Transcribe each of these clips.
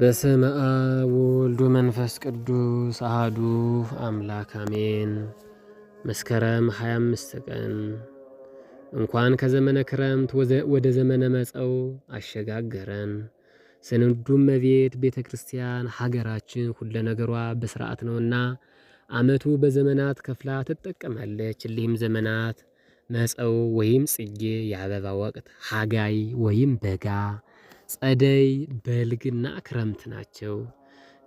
በስመ አብ ወወልድ ወመንፈስ ቅዱስ አህዱ አምላክ አሜን። መስከረም 25 ቀን እንኳን ከዘመነ ክረምት ወደ ዘመነ መጸው አሸጋገረን። ስንዱም መቤት ቤተ ክርስቲያን ሀገራችን ሁለ ነገሯ በስርዓት ነውና ዓመቱ በዘመናት ከፍላ ትጠቀማለች። እሊህም ዘመናት መጸው ወይም ጽጌ የአበባ ወቅት፣ ሀጋይ ወይም በጋ ጸደይ፣ በልግና ክረምት ናቸው።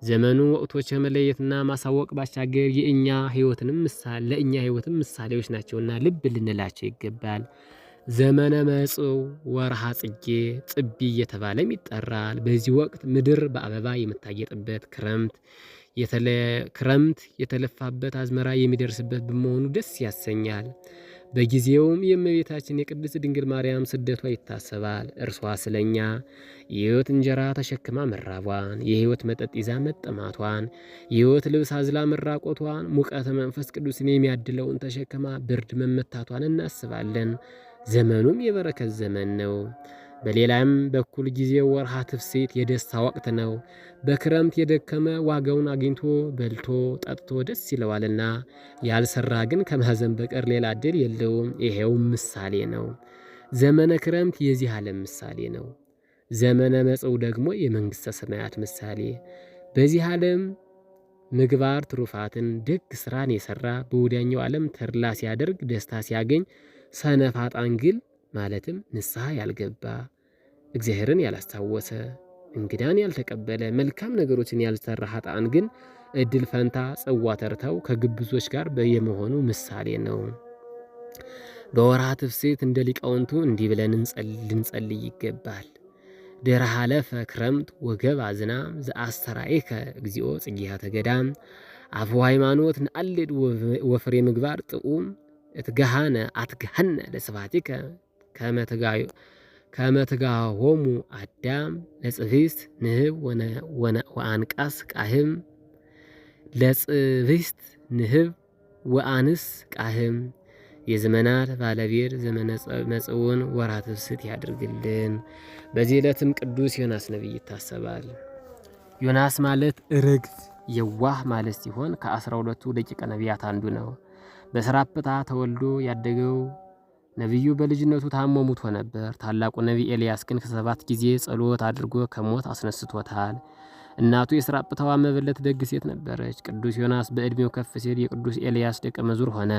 ዘመኑ ወቅቶች መለየትና ማሳወቅ ባሻገር የእኛ ህይወትንም ምሳ ለእኛ ህይወትም ምሳሌዎች ናቸውና ልብ ልንላቸው ይገባል። ዘመነ መጽው ወርሃ ጽጌ ጽቢ እየተባለም ይጠራል። በዚህ ወቅት ምድር በአበባ የምታጌጥበት ክረምት ክረምት የተለፋበት አዝመራ የሚደርስበት በመሆኑ ደስ ያሰኛል። በጊዜውም የእመቤታችን የቅድስት ድንግል ማርያም ስደቷ ይታሰባል። እርሷ ስለኛ የሕይወት እንጀራ ተሸክማ መራቧን፣ የሕይወት መጠጥ ይዛ መጠማቷን፣ የሕይወት ልብስ አዝላ መራቆቷን፣ ሙቀተ መንፈስ ቅዱስን የሚያድለውን ተሸክማ ብርድ መመታቷን እናስባለን። ዘመኑም የበረከት ዘመን ነው። በሌላም በኩል ጊዜ ወርሃ ትፍሴት የደስታ ወቅት ነው። በክረምት የደከመ ዋጋውን አግኝቶ በልቶ ጠጥቶ ደስ ይለዋልና ያልሰራ ግን ከማዘን በቀር ሌላ እድል የለውም። ይሄውም ምሳሌ ነው። ዘመነ ክረምት የዚህ ዓለም ምሳሌ ነው። ዘመነ መጽው ደግሞ የመንግሥተ ሰማያት ምሳሌ። በዚህ ዓለም ምግባር ትሩፋትን ደግ ስራን የሰራ በወዲያኛው ዓለም ተድላ ሲያደርግ ደስታ ሲያገኝ ሰነፍ ማለትም ንስሐ ያልገባ እግዚአብሔርን ያላስታወሰ እንግዳን ያልተቀበለ መልካም ነገሮችን ያልሰራ ኃጥአን ግን እድል ፈንታ ጽዋ ተርተው ከግብዞች ጋር የመሆኑ ምሳሌ ነው። በወርሃ ትፍሴት እንደ ሊቃውንቱ እንዲህ ብለን ልንጸልይ ይገባል። ደርሃ ክረምት ወገብ አዝናም ዘአስተራኤከ እግዚኦ ጽጊያ ገዳም አፉ ሃይማኖት ንአልድ ወፍሬ ምግባር ጥዑም እትገሃነ አትገሃነ ለስፋቲከ ከመትጋሆሙ አዳም ለጽፊስት ንህብ ወአንቃስ ቃህም ለጽፊስት ንህብ ወአንስ ቃህም የዘመናት ባለቤት ዘመነ መጽውን ወራት ብስት ያድርግልን። በዚህ ዕለትም ቅዱስ ዮናስ ነቢይ ይታሰባል። ዮናስ ማለት ርግት የዋህ ማለት ሲሆን ከአስራ ሁለቱ ደቂቀ ነቢያት አንዱ ነው። በሰራጵታ ተወልዶ ያደገው ነቢዩ በልጅነቱ ታሞ ሙቶ ነበር። ታላቁ ነቢይ ኤልያስ ግን ከሰባት ጊዜ ጸሎት አድርጎ ከሞት አስነስቶታል። እናቱ የስራጵታዋ መበለት ደግ ሴት ነበረች። ቅዱስ ዮናስ በእድሜው ከፍ ሲል የቅዱስ ኤልያስ ደቀ መዝሙር ሆነ።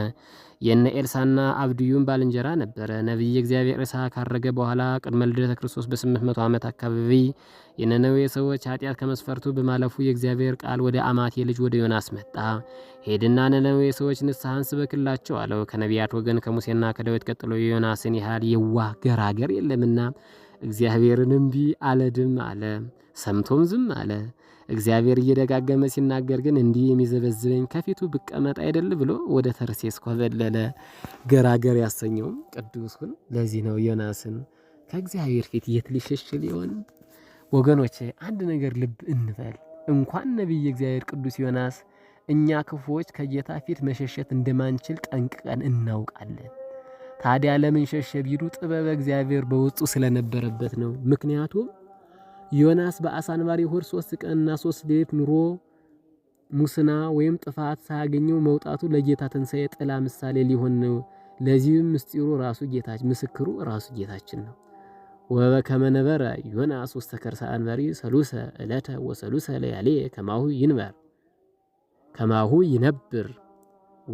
የነ ኤልሳና አብድዩም ባልንጀራ ነበረ። ነቢየ እግዚአብሔር ኢሳ ካረገ በኋላ ቅድመ ልደተ ክርስቶስ በ800 ዓመት አካባቢ የነነዌ ሰዎች ኃጢአት ከመስፈርቱ በማለፉ የእግዚአብሔር ቃል ወደ አማቴ ልጅ ወደ ዮናስ መጣ። ሄድና ነነዌ ሰዎች ንስሐን ስበክላቸው አለው። ከነቢያት ወገን ከሙሴና ከዳዊት ቀጥሎ የዮናስን ያህል የዋህ ገራገር የለምና እግዚአብሔርን እምቢ አለ ድም አለ ሰምቶም ዝም አለ። እግዚአብሔር እየደጋገመ ሲናገር ግን እንዲህ የሚዘበዝበኝ ከፊቱ ብቀመጥ አይደል ብሎ ወደ ተርሴስ ኮበለለ። ገራገር ያሰኘውም ቅዱሱን ለዚህ ነው ዮናስን ከእግዚአብሔር ፊት የት ሊሸሽል ይሆን? ወገኖች አንድ ነገር ልብ እንበል። እንኳን ነቢይ እግዚአብሔር ቅዱስ ዮናስ እኛ ክፉዎች ከጌታ ፊት መሸሸት እንደማንችል ጠንቅቀን እናውቃለን። ታዲያ ለምን ሸሸ ቢሉ ጥበበ እግዚአብሔር በውስጡ ስለነበረበት ነው። ምክንያቱም ዮናስ በአሳ አንባሪ ሆድ ሶስት ቀንና ሶስት ሌሊት ኑሮ ሙስና ወይም ጥፋት ሳያገኘው መውጣቱ ለጌታ ትንሣኤ ጥላ ምሳሌ ሊሆን ነው። ለዚህም ምስጢሩ ራሱ ጌታችን ምስክሩ ራሱ ጌታችን ነው። ወበከመ ነበረ ዮናስ ውስተ ከርሰ አንበሪ ሰሉሰ ዕለተ ወሰሉሰ ለያሌ ከማሁ ይንበር ከማሁ ይነብር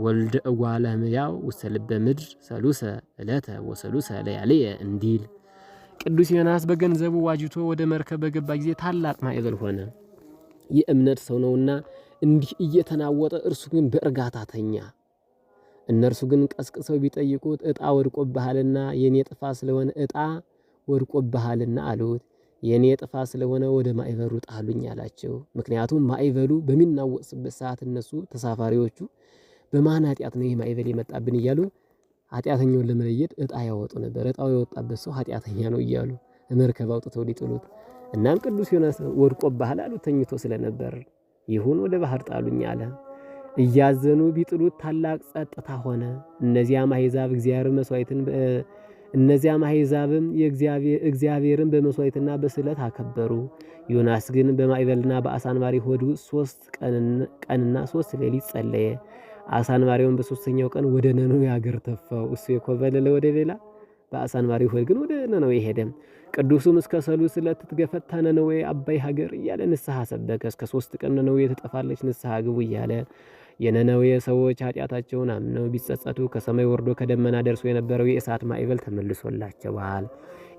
ወልደ እጓለ እመሕያው ውሰልበ ምድር ሰሉሰ ዕለተ ወሰሉሰ ለያልየ እንዲል ቅዱስ ዮናስ በገንዘቡ ዋጅቶ ወደ መርከብ በገባ ጊዜ ታላቅ ማዕበል ሆነ። የእምነት ሰው ነውና እንዲህ እየተናወጠ እርሱ ግን በእርጋታ ተኛ። እነርሱ ግን ቀስቅሰው ቢጠይቁት ዕጣ ወድቆብሃልና የኔ ጥፋ ስለሆነ ዕጣ ወድቆብሃልና አሉት። የኔ ጥፋ ስለሆነ ወደ ማዕበሉ ጣሉኝ አላቸው። ምክንያቱም ማዕበሉ በሚናወጥበት ሰዓት እነሱ ተሳፋሪዎቹ በማን ኃጢአት ነው ይህ ማዕበል የመጣብን እያሉ ኃጢአተኛውን ለመለየት እጣ ያወጡ ነበር። እጣው የወጣበት ሰው ኃጢአተኛ ነው እያሉ መርከብ አውጥተው ሊጥሉት። እናም ቅዱስ ዮናስ ወድቆብሃል አሉት፣ ተኝቶ ስለነበር። ይሁን ወደ ባህር ጣሉኝ አለ። እያዘኑ ቢጥሉት ታላቅ ጸጥታ ሆነ። እነዚያ አሕዛብ እግዚአብሔር መስዋዕትን እነዚያም አሕዛብም እግዚአብሔርን በመስዋዕትና በስለት አከበሩ። ዮናስ ግን በማዕበልና በአሳ አንባሪ ሆድ ውስጥ ሦስት ቀንና ሦስት ሌሊት ጸለየ። አሳንባሪውን በሶስተኛው ቀን ወደ ነነዌ አገር ተፋው። እሱ የኮበለለ ወደ ሌላ በአሳንባሪው ሆድ ግን ወደ ነነዌ ሄደ። ቅዱሱም እስከ ሰሉስ ዕለት ትትገፈታ ነነዌ አባይ ሀገር እያለ ንስሐ ሰበከ። እስከ ሶስት ቀን ነነዌ ትጠፋለች ንስሐ ግቡ እያለ የነነዌ ሰዎች ኃጢአታቸውን አምነው ቢጸጸቱ ከሰማይ ወርዶ ከደመና ደርሶ የነበረው የእሳት ማዕበል ተመልሶላቸዋል።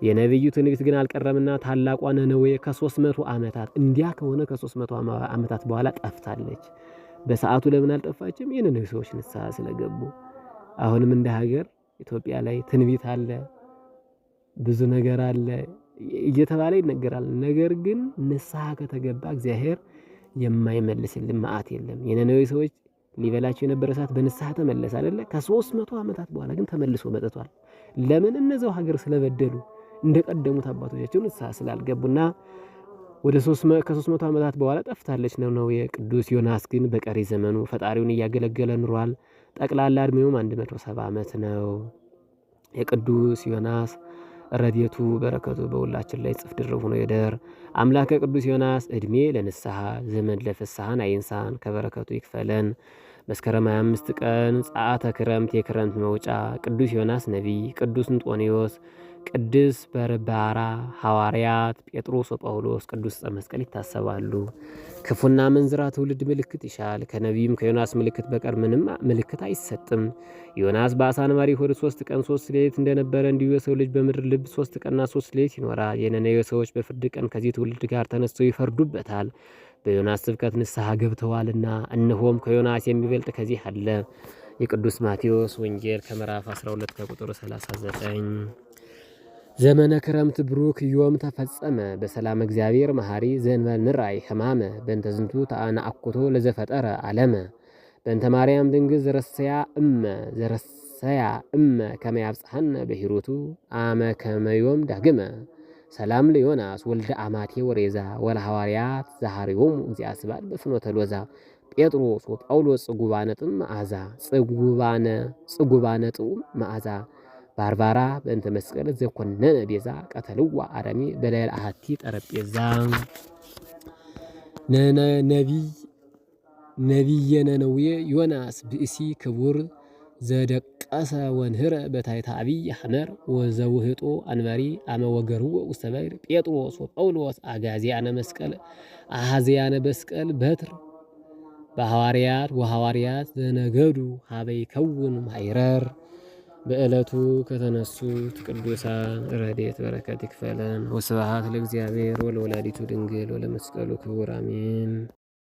የነቢዩ ትንቢት ግን አልቀረምና ታላቋ ነነዌ ከሶስት መቶ ዓመታት እንዲያ ከሆነ ከሶስት መቶ ዓመታት በኋላ ጠፍታለች። በሰዓቱ ለምን አልጠፋችም? ይህንን ሰዎች ንስሐ ስለገቡ። አሁንም እንደ ሀገር ኢትዮጵያ ላይ ትንቢት አለ፣ ብዙ ነገር አለ እየተባለ ይነገራል። ነገር ግን ንስሐ ከተገባ እግዚአብሔር የማይመልስልን መዓት የለም። የነነዌ ሰዎች ሊበላቸው የነበረ እሳት በንስሐ ተመለሰ አይደለ? ከሶስት መቶ ዓመታት በኋላ ግን ተመልሶ መጥቷል። ለምን? እነዚያው ሀገር ስለበደሉ እንደቀደሙት አባቶቻቸው ንስሐ ስላልገቡና ወደ ከሶስት መቶ ዓመታት በኋላ ጠፍታለች ነው ነው። የቅዱስ ዮናስ ግን በቀሪ ዘመኑ ፈጣሪውን እያገለገለ ኑሯል። ጠቅላላ እድሜውም 170 ዓመት ነው። የቅዱስ ዮናስ ረድኤቱ በረከቱ በሁላችን ላይ ጽፍ ድርብ ሆኖ ይደር። አምላከ ቅዱስ ዮናስ እድሜ ለንስሐ ዘመን ለፍስሐን አይንሳን ከበረከቱ ይክፈለን። መስከረም 25 ቀን ጸአተ ክረምት የክረምት መውጫ ቅዱስ ዮናስ ነቢይ፣ ቅዱስ እንጦኒዮስ ቅድስ በርባራ ሐዋርያት ጴጥሮስ ወጳውሎስ ቅዱስ ዕፀ መስቀል ይታሰባሉ። ክፉና መንዝራ ትውልድ ምልክት ይሻል። ከነቢዩም ከዮናስ ምልክት በቀር ምንም ምልክት አይሰጥም። ዮናስ በአሳ አንባሪ ሆድ ሶስት ቀን ሶስት ሌሊት እንደነበረ እንዲሁ የሰው ልጅ በምድር ልብ ሶስት ቀንና ሶስት ሌሊት ይኖራል። የነነዌ ሰዎች በፍርድ ቀን ከዚህ ትውልድ ጋር ተነስተው ይፈርዱበታል። በዮናስ ስብከት ንስሐ ገብተዋልና፣ እነሆም ከዮናስ የሚበልጥ ከዚህ አለ። የቅዱስ ማቴዎስ ወንጌል ከምዕራፍ 12 ከቁጥር 39 ዘመነ ክረምት ብሩክ ዮም ተፈጸመ በሰላም እግዚአብሔር መሐሪ ዘንበል ንራይ ሕማመ በእንተ ዝንቱ ተአናአኩቶ ለዘፈጠረ ዓለመ በእንተ ማርያም ድንግል ዘረሰያ እመ ዘረሰያ እመ ከመያብጽሐነ በሂሩቱ አመ ከመዮም ዳግመ ሰላም ለዮናስ ወልደ አማቴ ወሬዛ ወለሐዋርያት ዘሐሪዮሙ እግዚአ ስባል በፍኖተ ሎዛ ጴጥሮስ ወጳውሎስ ጽጉባነ ጥዑም መዓዛ ጽጉባነ ጽጉባነ ጥዑም መዓዛ ባርባራ በእንተ መስቀል ዘኮነነ ቤዛ ቀተልዋ አረሚ በላይል አሃቲ ጠረጴዛ ነቢየነ ነቢየ ዮናስ ብእሲ ክቡር ዘደቀሰ ወንህረ በታይታ አብይ ሐመር ወዘውህጦ አንበሪ አመ ወገርዎ ውስተ በይር ጴጥሮስ ወጳውሎስ አጋዚያነ መስቀል አሃዚያነ መስቀል በትር በሐዋርያት ወሐዋርያት ዘነገዱ ሀበይ ከውን ማይረር በዕለቱ ከተነሱት ቅዱሳን ረድኤት በረከት ይክፈለን። ወስብሐት ለእግዚአብሔር ወለወላዲቱ ድንግል ወለመስቀሉ ክቡር አሜን።